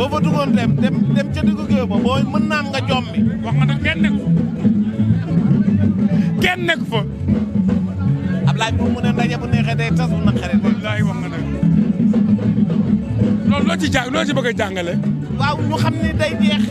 boo fa duggoon dem dem dem ca diggu géew ba mën naam nga jommi. wax nga nag kenn nekk fa kenn nekk fa. Ablaye moom mu ne ndaje bu neexee day tas bu naqaree. wallaahi wax nga nag loolu loo ci jàng loo ci bëgg a jàngale. waaw ñu xam ne day jeex.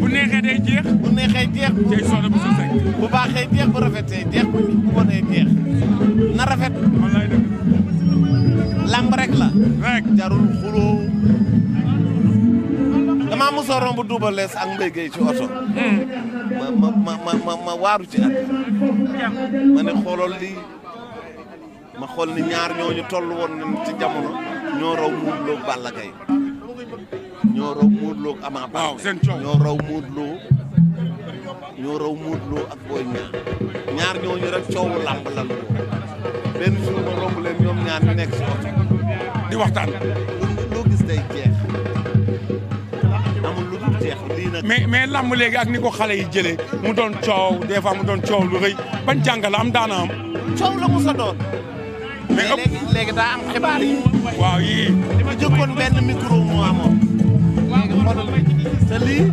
bu neexee day jeex. bu neexee jeex. day soxla bu sosay. bu baaxee jeex bu rafetee jeex bu bu jeex na rafet. wallaahi dëgg. la. rek jarul xuloo. damaa mos a romb Double Less ak Mbaye Gueye ci oto. Hmm. ma ma ma ma xool ni ñaar ñooñu toll ci jamono ñoo raw Modou coow ñoo raw Modou Lo ñoo raw Modou Lo ak ñaar ñooñu rek coowu làmb lan ko benn jour ma romb leen ñoom ñaar ñu nekk ci di waxtaan. loo gis day mais mais làmb léegi ak ni ko xale yi jëlee mu doon coow des mu doon coow lu rëy ban jàngal am coow la mu sa doon. mais léegi léegi daa am xibaar yi. waaw yii. li ma benn micro moo amoon. léegi xoolal te lii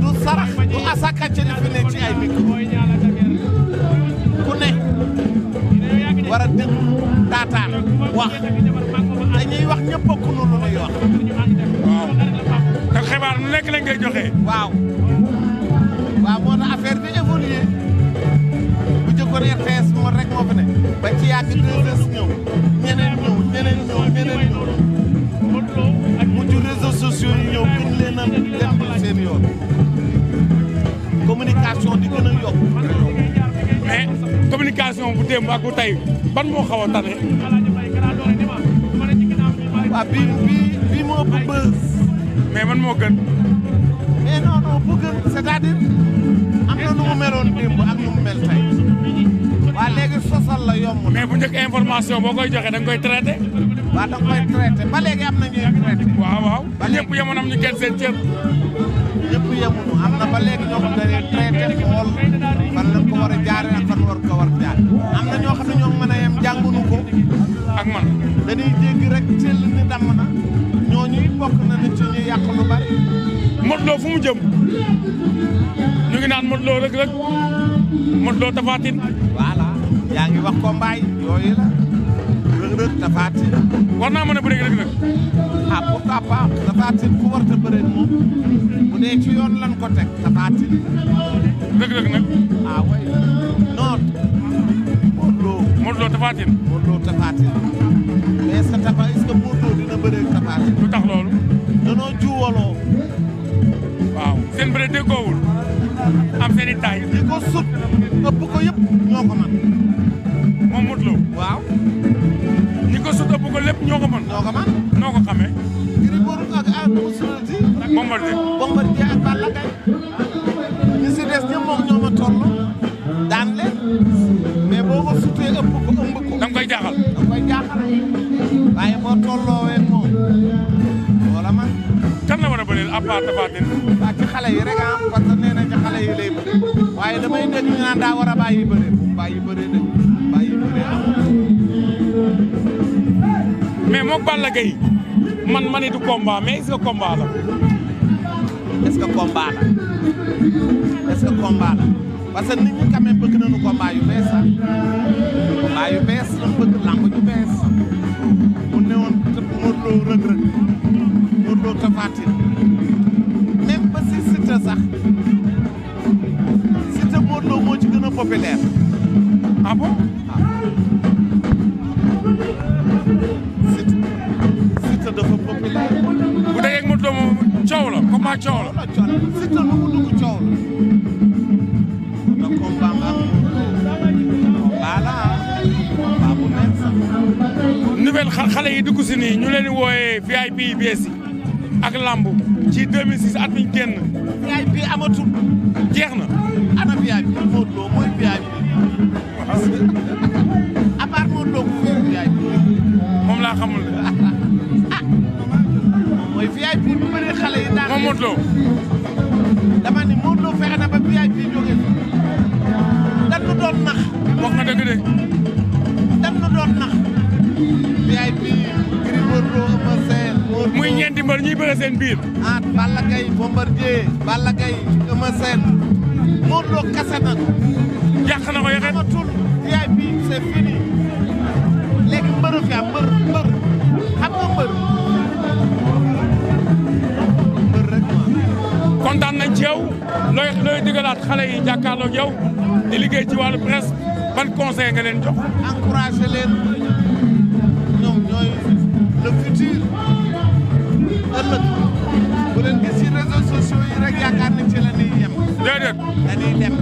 du a déglu wax dañuy wax ñëpp bokk lu lay wax. xibaar lu nekk lañ koy joxe. waaw waaw moo tax affaire bi bu jëkkoon RTS moom rek moo fi ne ba ci yàgg deux ñëw ñeneen ñëw ñeneen ñëw ñeneen ñëw mujj réseaux sociaux yi ñëw gën leen a lembal seen yoon communication di gën a yokk bu démb ak bu tey ban moo xaw a tane. waaw bii bii bii moo ëpp mais man moo gën. mais non bu gën cest am na nu mu meloon démb ak nu mu mel waa léegi sosal la yomb na. mais bu njëkk information boo koy joxe da nga koy traité. waaw da koy traité ba léegi am na ñuy traité. waaw waaw ba ñëpp yemoon am ñu kenn seen cër. ba léegi ko war a jaaree ak war ko war a jaar am na ñoo xam mën a yem jànguñu ko. ak man dañuy jéggi rek sell ni damm na. bokk na ci fu mu jëm ñu ngi naan Modou Lo Reug Reug Modou Lo Tapha Tine. voilà yaa ngi wax ko la. Reug Reug Tapha war naa mën a bëri Reug Reug. ah pourquoi pas Tapha war a bëree moom dee ci yoon lan ko teg Tapha Tine. Reug Reug way non. Modou Lo Modou Lo Tapha Tine. Modou Lo tay li ko sut ëpp ko yëpp ñoo ko waaw ñi ko sut ëpp ko lépp ñoo ko mën ñoo ko mën noo ko xamee Gris Bordeaux ak ak Moussolati ak si des ñëpp moom ñoo ma daan leen mais boo ko sutee ëpp ko ëmb ko da nga koy jaaxal da nga koy jaaxal moom wala man kan la war a bëreel à part Tapha Tine waa ci xale yi rek ah, bàyyi lay bëre waaye damay dégg ñu naan daa war a bàyyi bëre bu mu bàyyi bëre de bàyyi bëre mais moog Balla man ma ne du combat mais est-ce que combat la. est-ce que combat la est-ce que combat xale yi dugg si ñu leen di wooyee VIP yu bees ak lamb ci 2006 at miñ génn. jeex na. ana VIP bi Modou Lo mooy VIP bi. à part Modou laa xamul. ah xale yi. daan moom Modou dama ni Modou Lo fexe na ba VIP bi. seen biir. ah Balla Gaye Bombardier Balla Gaye Eumeu Sène Modou Lo kase na ko. yàq na ko yaay bi c'est fini léegi mbëru fi mbër mbër xam nga mbër. mbër rek ma. kontaan nañ ci yow looy looy digalaat xale yi jàkkaarloog yow di liggéey ci wàllu presse ban conseil nga leen jox. encouragé leen ñoom ñooy le futur. ëllëg bu leen gis réseaux sociaux yi rek yaakaar nañ ci la ñuy yem. déedéet dañuy dem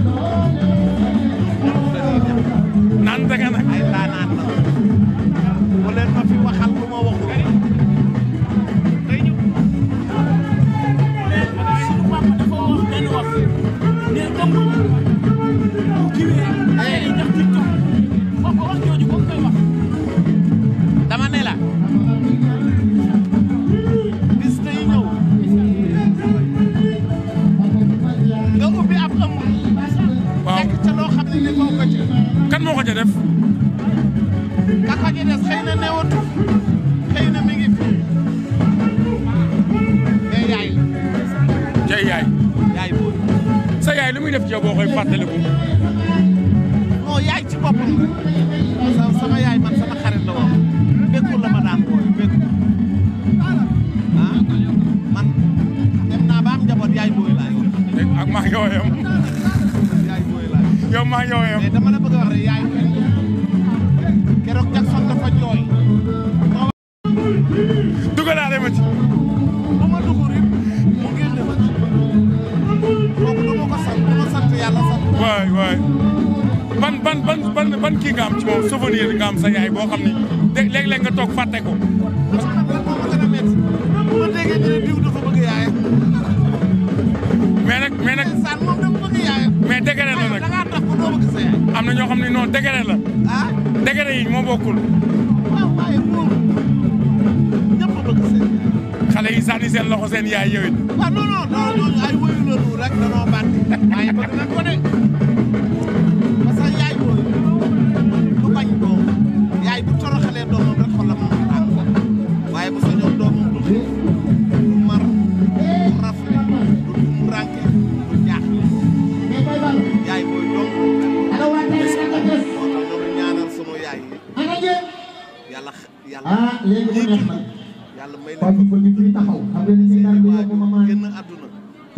dañuy dem. naan dëgg nag ay ndaanaan la bu leen fi waxal lu ma waxul. suñu papa dafa wax benn wax ne comme kiwee. sa yaay lu muy def ci yow boo koy fàttaliku. non yaay ci boppam la sama yaay man sama xarit la woon békkul la ma daan booy békkul ah man dem naa ba am njaboot yaay booy laay ak maa ngi woyam yaay booy laay yow maa ngi woyam mais dama la bëgg a wax rek yaay keroog Jackson dafa jooy dugalaale ma ci waay waay ban ban ban ban kii nga am ci moom souvenir nga am sa yaay boo xam ni léeg-léeg nga toog fàtte ko. parce que man ma déggee nag mais nag mais dëgëre la nag am na ñoo xam ne non dëgëre la. ah yi moo bokkul. waaw xale yi sànni seen loxo seen yaay yow it. waaw non non non ay wóyu la ñu rek danoo bànn waaye ko de parce que yaay booy du bañ doom yaay bu toroxalee doomam rek xolam moom tàng ko waaye bu soñoon doomam du xëy du mar du rafle yaay booy doom moo tax ñaanal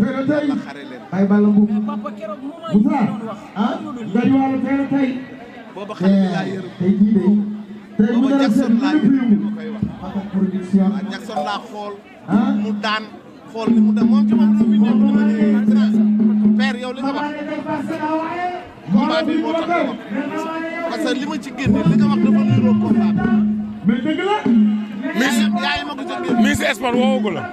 tey na tey ay balla mbuub bu saa ah Ngagne Walo tey na tey tey jii de tey mu dara seen lu ñu fiyu Fatick production Jackson laa xool ah? mu daan xool ni mu daan moom ci moom su fi ñëw père yow li nga wax combat bi moo tax parce que li ma ci génne li nga wax dafa niroo combat bi mais dëgg la Miss Miss Espagne woowu ko la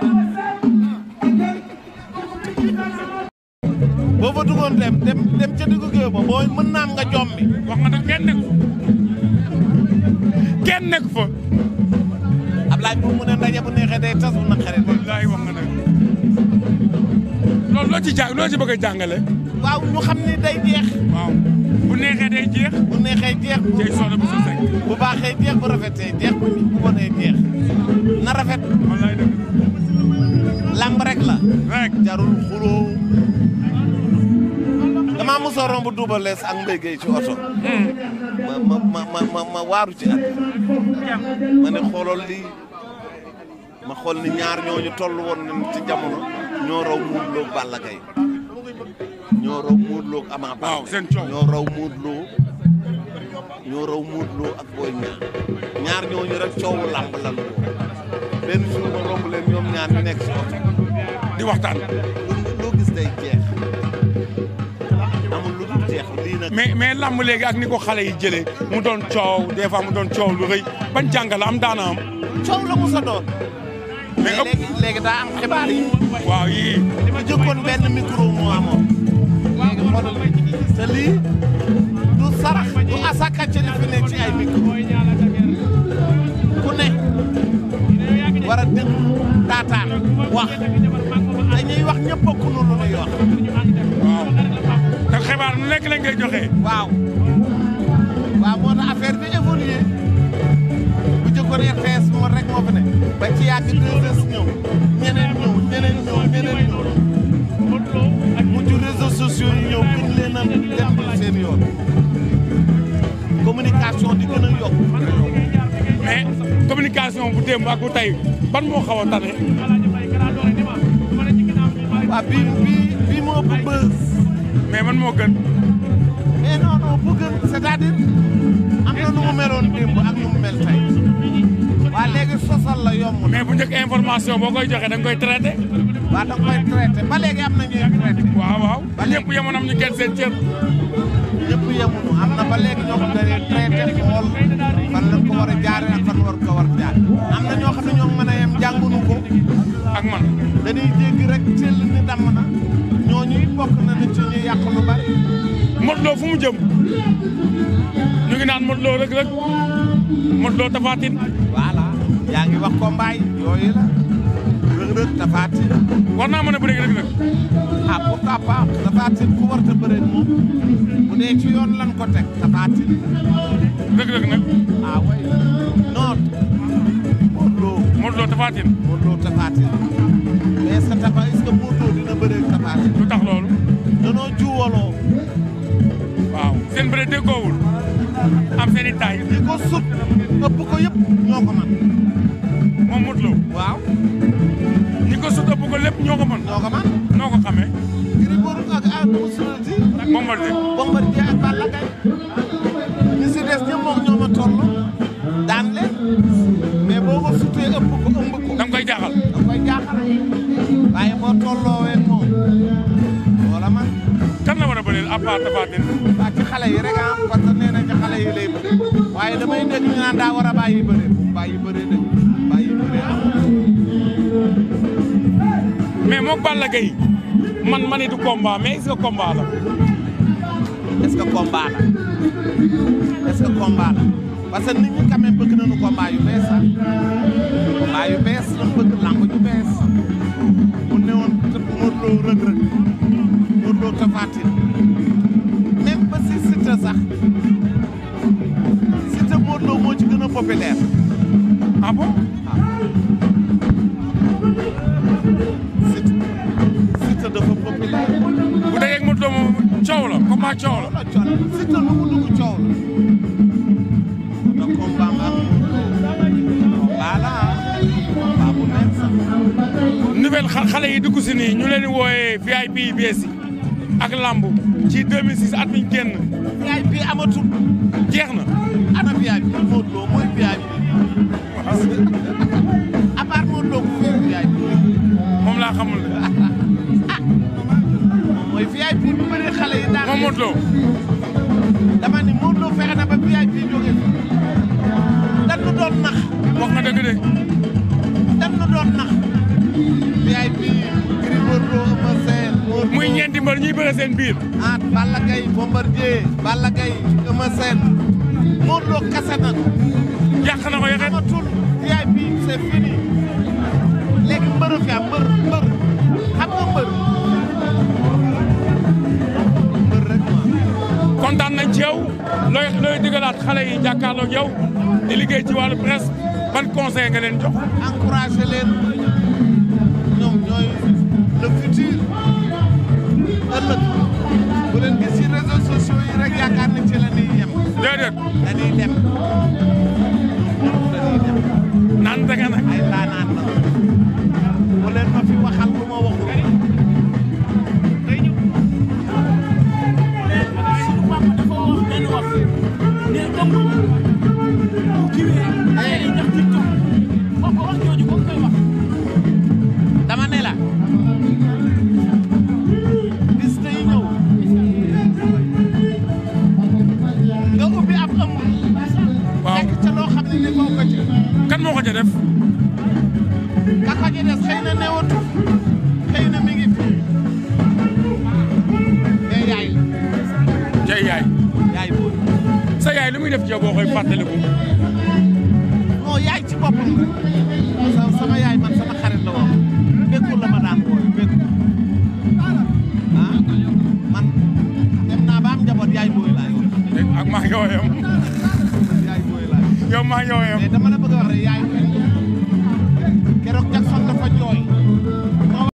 boo fa duggoon dem dem dem ca diggu géew ba mën naam nga jommi. wax nga nag kenn nekk fa kenn nekk fa. Ablaye moom mu ne ndaje bu neexee day tas bu naqaree. wallaahi wax loo ci jàng loo ci bëgg a jàngale. xam ne day jeex. waaw bu neexee day jeex. bu neexee jeex. day soxla bu sosay. bu baaxee jeex bu rafetee jeex bu bu jeex na rafet. wallaahi dëgg. la. rek jarul xuloo. damaa mos a romb Double Less ak Mbaye Gueye ci oto. Hmm. ma ma ma ma xool ni ñaar ñooñu toll woon ci jamono ñoo raw Modou Lo ak Balla ak coow ñoo raw Modou Lo ñoo raw Modou Lo ak Boy Niang ñaar ñooñu rek coowu làmb lan ko benn jour ma romb leen ñoom ñaar ñu nekk ci di waxtaan. loo gis day jeex. mais mais lamb léegi ak ni ko xale yi jëlee mu doon coow des mu doon coow lu rëy ban jàngal coow la mu sa doon. mais léegi daa am xibaar yi. waaw yii. li ma jëkkoon benn micro moo amoon. léegi xoolal te lii du sarax du asaka ci li ne ci ay micro ku ne war a déglu taataan wax dañuy wax ñëpp bokk koy joxe. waaw waaw moo tax affaire bi bu jëkkoon RTS moom rek moo fi ne ba ci yàgg deux ñëw ñeneen ñëw ñeneen ñëw ñeneen ñëw mujj réseaux sociaux yi ñëw gën leen a dem seen yoon communication di gën a yokk mais bu démb ak bu tey ban moo xaw tane. waaw bii bii bii moo ëpp bës mais moo gën. mu gën c'est-à-dire am na nu mu meloon démb ak nu mu mel tey waa léegi sosal la yomb na. mais bu njëkk information boo koy joxe da nga koy traité. waaw da nga koy ba léegi am na ñuy traité. waaw waaw ba ñëpp yemoon am ñu kenn seen cër. ñëpp yemoon am na ba léegi ñoo ko traité xool. fu jëm ñu ngi naan Modou Lo Reug Reug Modou Lo Tapha Tine. yaa ngi wax ko la. Reug Reug Tapha Tine. war naa mën a bëri Reug Reug. ah pourquoi ku war a bëree moom bu dee ci yoon lan ko teg Tapha Tine. Reug Reug nag. way ah, non. Modou Lo Modou Lo Tapha Tine. Modou Lo militants yi. li ko sut ëpp ko yëpp ñoo ko mën. waaw. ñi ko sut ëpp ko lépp ñoo ko mën. ñoo ko mën noo ko xamee. Gris Bordeaux ak ak Moussaoudi. ak Bombardier. Bombardier ak Balla Gaye. ñi si daan leen mais boo ko sutee ëpp ëmb ko. da koy jaaxal. da koy jaaxal waaye boo tolloowee moom. wala man. kan la war a bëreel à part Tapha Tine. waa ci xale waaye damay dégg ñu naan daa war a bàyyi bëre bàyyi bëre de bàyyi bëre mais moog Balla Gaye man ma ne du combat mais est-ce que combat la. est-ce que combat la est-ce que combat la parce que nit ñi quand même bëgg nañu combat yu bees ah combat yu mu newoon Modou Lo populaire ah bon ah. Siteu dafa populaire. bu dee ak moto coow la comment coow la. Siteu lu mu dugg coow la. na combat la combat la combat xale yi dugg si ñu leen di wooyee VIP bees yi ak lamb ci 2006 at miñ génn. VIP bi amatul. jeex na. ana VIP bi Modou Lo mooy bi. à part Modou Lo ku VIP moom laa xamul. ah mooy bi bu bëri xale bëre seen biir. ah Balla Gaye Bombardier Balla Gaye Eumeu Sène Modou Lo kase na ko. yàq na ko yàqee amatul VIP c'est fini léegi mbër fi am mbër mbër xam mbër. mbër rek ci yow looy looy digalaat xale yi jàkkaarloog yow di liggéey ci wàllu presse ban conseil nga leen jox. encouragé leen ñoom ñooy le ëllëg bu leen gis ci réseaux sociaux yi rek yaakaar nañ ci la ñuy yem. déedéet dañuy dem dañuy dem. naan dëgg la Dia boo koy fàttaliku